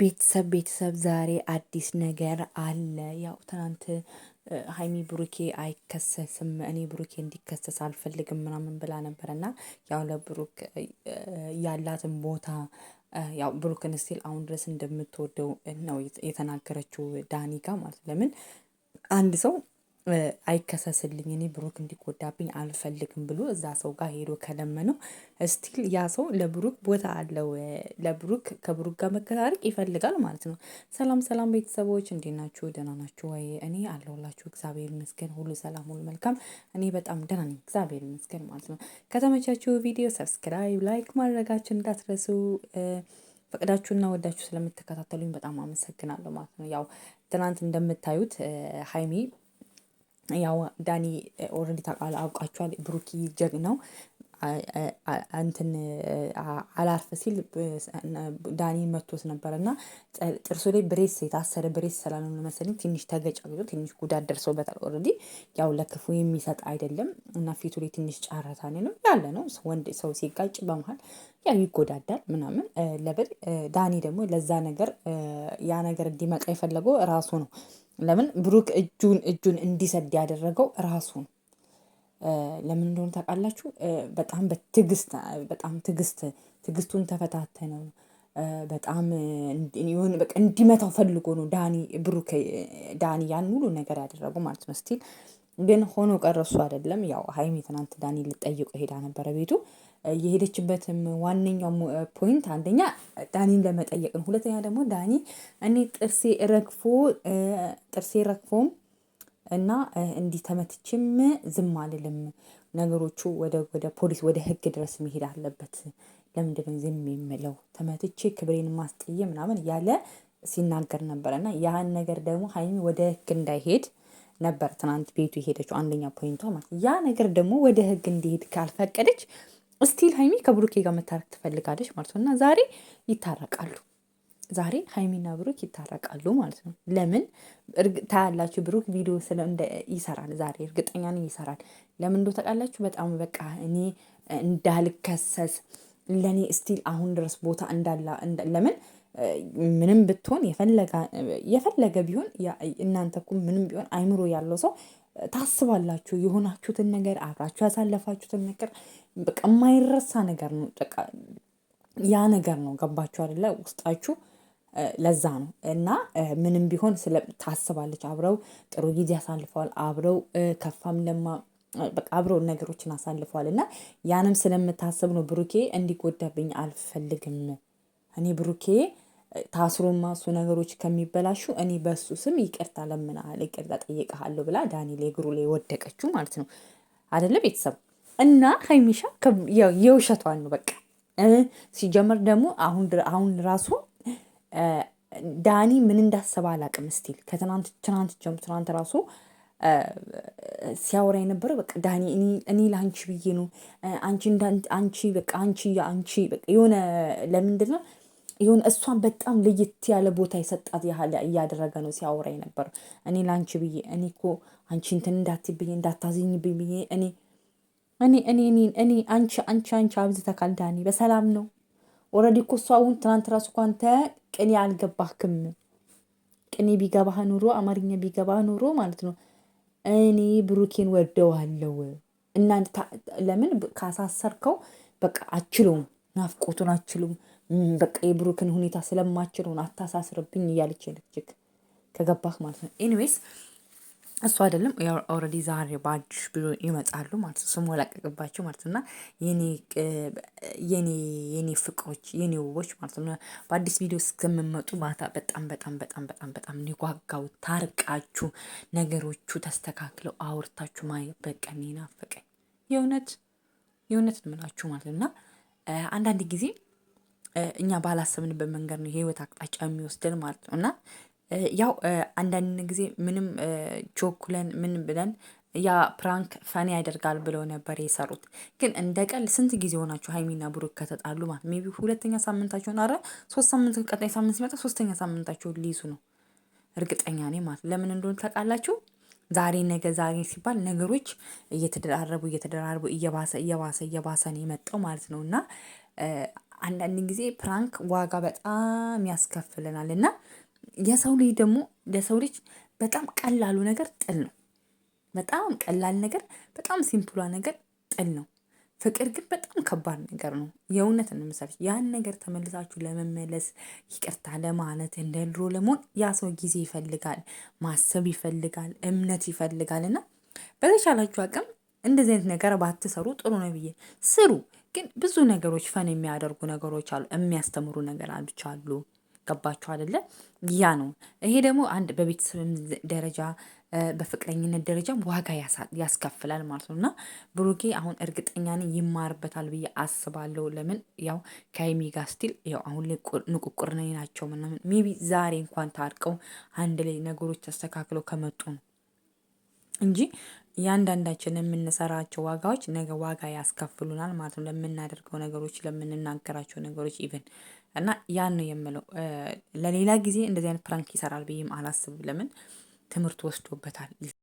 ቤተሰብ ቤተሰብ ዛሬ አዲስ ነገር አለ። ያው ትናንት ሀይሚ ብሩኬ አይከሰስም እኔ ብሩኬ እንዲከሰስ አልፈልግም ምናምን ብላ ነበር እና ያው ለብሩክ ያላትን ቦታ ያው ብሩክን ስቲል አሁን ድረስ እንደምትወደው ነው የተናገረችው ዳኒ ጋ ማለት ለምን አንድ ሰው አይከሰስልኝ እኔ ብሩክ እንዲጎዳብኝ አልፈልግም ብሎ እዛ ሰው ጋር ሄዶ ከለመነው ስቲል ያ ሰው ለብሩክ ቦታ አለው። ለብሩክ ከብሩክ ጋር መከታረቅ ይፈልጋል ማለት ነው። ሰላም ሰላም ቤተሰቦች እንዴት ናችሁ? ደህና ናችሁ ወይ? እኔ አለሁላችሁ እግዚአብሔር ይመስገን፣ ሁሉ ሰላም፣ ሁሉ መልካም። እኔ በጣም ደህና ነኝ እግዚአብሔር ይመስገን ማለት ነው። ከተመቻችሁ ቪዲዮ ሰብስክራይብ፣ ላይክ ማድረጋችሁ እንዳትረሱ ፈቅዳችሁና ወዳችሁ ስለምትከታተሉኝ በጣም አመሰግናለሁ ማለት ነው። ያው ትናንት እንደምታዩት ሀይሚ ያው ዳኒ ኦልሬዲ ታውቃለህ፣ አውቃችኋል። ብሩኪ ነው። እንትን አላርፍ ሲል ዳኒ መቶት ነበር እና ጥርሱ ላይ ብሬስ የታሰረ ብሬስ ስላልሆነ መሰለኝ ትንሽ ተገጫግጮ ትንሽ ጉዳት ደርሶበታል። ኦልሬዲ ያው ለክፉ የሚሰጥ አይደለም እና ፊቱ ላይ ትንሽ ጫረታ ነው ያለ ነው። ወንድ ሰው ሲጋጭ በመሀል ያው ይጎዳዳል ምናምን ለብል ዳኒ ደግሞ ለዛ ነገር ያ ነገር እንዲመቃ የፈለገው ራሱ ነው። ለምን ብሩክ እጁን እጁን እንዲሰድ ያደረገው ራሱ ነው። ለምን እንደሆነ ታውቃላችሁ? በጣም በትዕግስት በጣም ትግስቱን ተፈታተ ተፈታተነው በጣም በቃ እንዲመታው ፈልጎ ነው ዳኒ ብሩክ ዳኒ ያን ሙሉ ነገር ያደረጉ ማለት ነው። ስቲል ግን ሆኖ ቀረሱ አይደለም። ያው ሀይሚ ትናንት ዳኒ ልጠይቁ ሄዳ ነበረ ቤቱ። የሄደችበትም ዋነኛው ፖይንት አንደኛ ዳኒን ለመጠየቅ ነው። ሁለተኛ ደግሞ ዳኒ እኔ ጥርሴ ረግፎ ጥርሴ ረግፎም እና እንዲህ ተመትችም ዝም አልልም። ነገሮቹ ወደ ፖሊስ ወደ ህግ ድረስ መሄድ አለበት። ለምንድነው ዝም የምለው ተመትቼ ክብሬን አስጥዬ ምናምን እያለ ሲናገር ነበር። እና ያን ነገር ደግሞ ሀይሚ ወደ ህግ እንዳይሄድ ነበር ትናንት ቤቱ የሄደችው አንደኛ ፖይንቷ ማለት ያ ነገር ደግሞ ወደ ህግ እንዲሄድ ካልፈቀደች ስቲል ሀይሚ ከብሩኬ ጋር መታረቅ ትፈልጋለች ማለት ነው። እና ዛሬ ይታረቃሉ ዛሬ ሀይሚና ብሩክ ይታረቃሉ ማለት ነው። ለምን ታያላችሁ? ብሩክ ቪዲዮ ይሰራል ዛሬ እርግጠኛ ነኝ ይሰራል። ለምን እንደ ታውቃላችሁ? በጣም በቃ እኔ እንዳልከሰስ ለእኔ ስቲል አሁን ድረስ ቦታ እንዳላ ለምን ምንም ብትሆን የፈለገ ቢሆን እናንተ እኮ ምንም ቢሆን አይምሮ ያለው ሰው ታስባላችሁ። የሆናችሁትን ነገር አብራችሁ ያሳለፋችሁትን ነገር በቃ የማይረሳ ነገር ነው። ያ ነገር ነው። ገባችሁ አይደለ ውስጣችሁ ለዛ ነው እና ምንም ቢሆን ታስባለች። አብረው ጥሩ ጊዜ አሳልፈዋል። አብረው ከፋም ለማ በቃ አብረው ነገሮችን አሳልፈዋል እና ያንም ስለምታስብ ነው ብሩኬ እንዲጎዳብኝ አልፈልግም። እኔ ብሩኬ ታስሮማ እሱ ነገሮች ከሚበላሹ እኔ በሱ ስም ይቅርታ ለምናል ይቅርታ ጠይቀሃለሁ ብላ ዳኒል እግሩ ላይ ወደቀችው ማለት ነው አደለ ቤተሰብ እና ሀይሚሻ የውሸቷን ነው በቃ ሲጀምር ደግሞ አሁን ራሱ ዳኒ ምን እንዳሰበ አላቅም። ስቲል ከትናንት ትናንት ጀምሮ ትናንት ራሱ ሲያወራ የነበረ በቃ ዳኒ እኔ ለአንቺ ብዬ ነው አንቺ አንቺ በቃ አንቺ አንቺ በቃ የሆነ ለምንድን ነው ይሁን እሷን በጣም ለየት ያለ ቦታ የሰጣት ያህል እያደረገ ነው ሲያወራ የነበረው። እኔ ለአንቺ ብዬ እኔ እኮ አንቺ እንትን እንዳትብኝ እንዳታዝኝብኝ ብዬ እኔ እኔ እኔ እኔ አንቺ አንቺ አንቺ አብዝተካል ዳኒ በሰላም ነው ኦልሬዲ እኮ እሷ አሁን ትናንት ራሱ እኮ አንተ ቅኔ አልገባህም። ቅኔ ቢገባህ ኑሮ አማርኛ ቢገባህ ኑሮ ማለት ነው እኔ ብሩኬን ወደዋለው እናንተ ለምን ካሳሰርከው በቃ አችለውም፣ ናፍቆቱን አችለውም፣ በቃ የብሩክን ሁኔታ ስለማችለውን አታሳስርብኝ እያለች ልጅግ ከገባህ ማለት ነው ኤኒዌይስ እሱ አይደለም ኦልሬዲ ዛሬ በአዲስ ብሎ ይመጣሉ ማለት ነው። ስሙ ላቀቅባቸው ማለት ነው ኔ የኔ ፍቅሮች የኔ ውቦች ማለት ነው። በአዲስ ቪዲዮ እስከምመጡ ማታ በጣም በጣም በጣም በጣም በጣም ጓጋው ታርቃችሁ ነገሮቹ ተስተካክለው አውርታችሁ ማየት በቃ ናፈቀኝ። የእውነት የእውነት እንምላችሁ ማለት ነው እና አንዳንድ ጊዜ እኛ ባላሰብንበት መንገድ ነው የህይወት አቅጣጫ የሚወስደን ማለት ነው እና ያው አንዳንድ ጊዜ ምንም ቾኩለን ምን ብለን ያ ፕራንክ ፈኒ ያደርጋል ብለው ነበር የሰሩት። ግን እንደ ቀል ስንት ጊዜ ሆናችሁ ሀይሚና ብሩክ ከተጣሉ ማለት ሜይ ቢ ሁለተኛ ሳምንታቸውን፣ አረ ሶስት ሳምንት ቀጣይ ሳምንት ሲመጣ ሶስተኛ ሳምንታቸውን ሊይዙ ነው እርግጠኛ ነኝ ማለት ለምን እንደሆነ ታውቃላችሁ? ዛሬ ነገ ዛሬ ሲባል ነገሮች እየተደራረቡ እየተደራረቡ እየባሰ እየባሰ እየባሰ ነው የመጣው ማለት ነው እና አንዳንድ ጊዜ ፕራንክ ዋጋ በጣም ያስከፍለናል እና የሰው ልጅ ደግሞ ለሰው ልጅ በጣም ቀላሉ ነገር ጥል ነው። በጣም ቀላል ነገር፣ በጣም ሲምፕሏ ነገር ጥል ነው። ፍቅር ግን በጣም ከባድ ነገር ነው። የእውነት እንምሳች ያን ነገር ተመልሳችሁ ለመመለስ ይቅርታ ለማለት እንደ ድሮ ለመሆን ያ ሰው ጊዜ ይፈልጋል፣ ማሰብ ይፈልጋል፣ እምነት ይፈልጋል። እና በተቻላችሁ አቅም እንደዚህ አይነት ነገር ባትሰሩ ጥሩ ነው ብዬ ስሩ። ግን ብዙ ነገሮች ፈን የሚያደርጉ ነገሮች አሉ፣ የሚያስተምሩ ነገር አሉ። ገባችሁ አይደለ? ያ ነው። ይሄ ደግሞ አንድ በቤተሰብ ደረጃ በፍቅረኝነት ደረጃም ዋጋ ያስከፍላል ማለት ነው። እና ብሩኬ አሁን እርግጠኛ ነኝ ይማርበታል ብዬ አስባለሁ። ለምን ያው ከሀይሚ ጋር ስቲል ያው አሁን ንቁቁር ነኝ ናቸው ምናምን ሜቢ ዛሬ እንኳን ታርቀው አንድ ላይ ነገሮች ተስተካክለው ከመጡ ነው እንጂ እያንዳንዳችን የምንሰራቸው ዋጋዎች ነገ ዋጋ ያስከፍሉናል ማለት ነው። ለምናደርገው ነገሮች ለምንናገራቸው ነገሮች ኢቨን እና ያን ነው የምለው። ለሌላ ጊዜ እንደዚህ አይነት ፕራንክ ይሰራል ብዬም አላስብ። ለምን ትምህርት ወስዶበታል